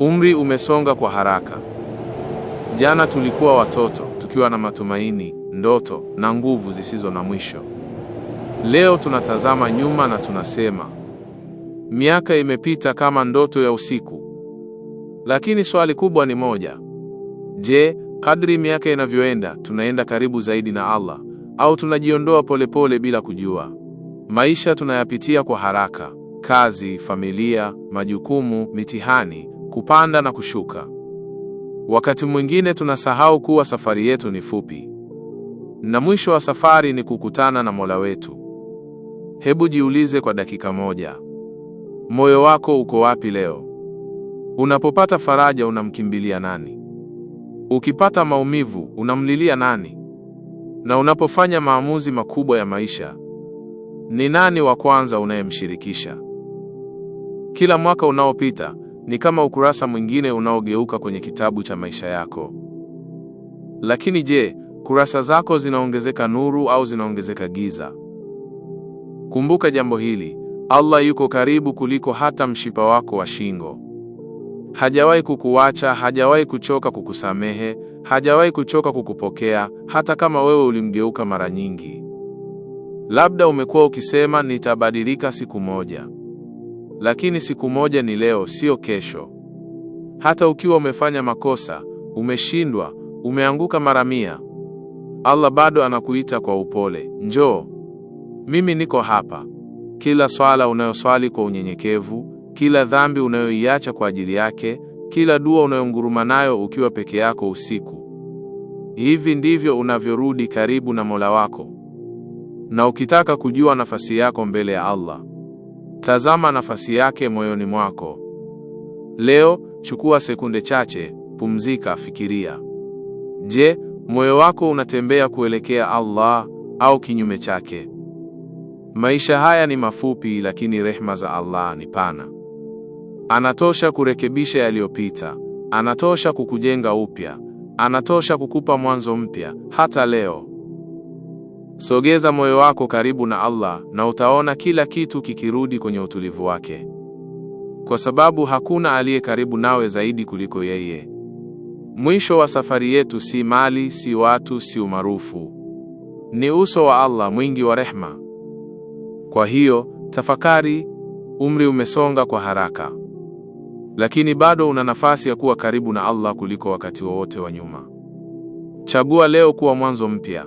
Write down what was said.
Umri umesonga kwa haraka. Jana tulikuwa watoto tukiwa na matumaini, ndoto na nguvu zisizo na mwisho. Leo tunatazama nyuma na tunasema miaka imepita kama ndoto ya usiku. Lakini swali kubwa ni moja. Je, kadri miaka inavyoenda tunaenda karibu zaidi na Allah au tunajiondoa polepole bila kujua? Maisha tunayapitia kwa haraka. Kazi, familia, majukumu, mitihani kupanda na kushuka. Wakati mwingine tunasahau kuwa safari yetu ni fupi, na mwisho wa safari ni kukutana na Mola wetu. Hebu jiulize kwa dakika moja, moyo wako uko wapi leo? Unapopata faraja unamkimbilia nani? Ukipata maumivu unamlilia nani? Na unapofanya maamuzi makubwa ya maisha, ni nani wa kwanza unayemshirikisha? Kila mwaka unaopita ni kama ukurasa mwingine unaogeuka kwenye kitabu cha maisha yako. Lakini je, kurasa zako zinaongezeka nuru au zinaongezeka giza? Kumbuka jambo hili, Allah yuko karibu kuliko hata mshipa wako wa shingo. Hajawahi kukuacha, hajawahi kuchoka kukusamehe, hajawahi kuchoka kukupokea, hata kama wewe ulimgeuka mara nyingi. Labda umekuwa ukisema nitabadilika siku moja lakini siku moja ni leo, sio kesho. Hata ukiwa umefanya makosa, umeshindwa, umeanguka mara mia, Allah bado anakuita kwa upole, njoo, mimi niko hapa. Kila swala unayoswali kwa unyenyekevu, kila dhambi unayoiacha kwa ajili yake, kila dua unayonguruma nayo ukiwa peke yako usiku. Hivi ndivyo unavyorudi karibu na Mola wako. Na ukitaka kujua nafasi yako mbele ya Allah Tazama nafasi yake moyoni mwako. Leo chukua sekunde chache, pumzika, fikiria. Je, moyo wako unatembea kuelekea Allah au kinyume chake? Maisha haya ni mafupi, lakini rehma za Allah ni pana. Anatosha kurekebisha yaliyopita, anatosha kukujenga upya, anatosha kukupa mwanzo mpya hata leo. Sogeza moyo wako karibu na Allah na utaona kila kitu kikirudi kwenye utulivu wake, kwa sababu hakuna aliye karibu nawe zaidi kuliko yeye. Mwisho wa safari yetu si mali, si watu, si umaarufu, ni uso wa Allah mwingi wa rehma. Kwa hiyo tafakari. Umri umesonga kwa haraka, lakini bado una nafasi ya kuwa karibu na Allah kuliko wakati wowote wa, wa nyuma. Chagua leo kuwa mwanzo mpya.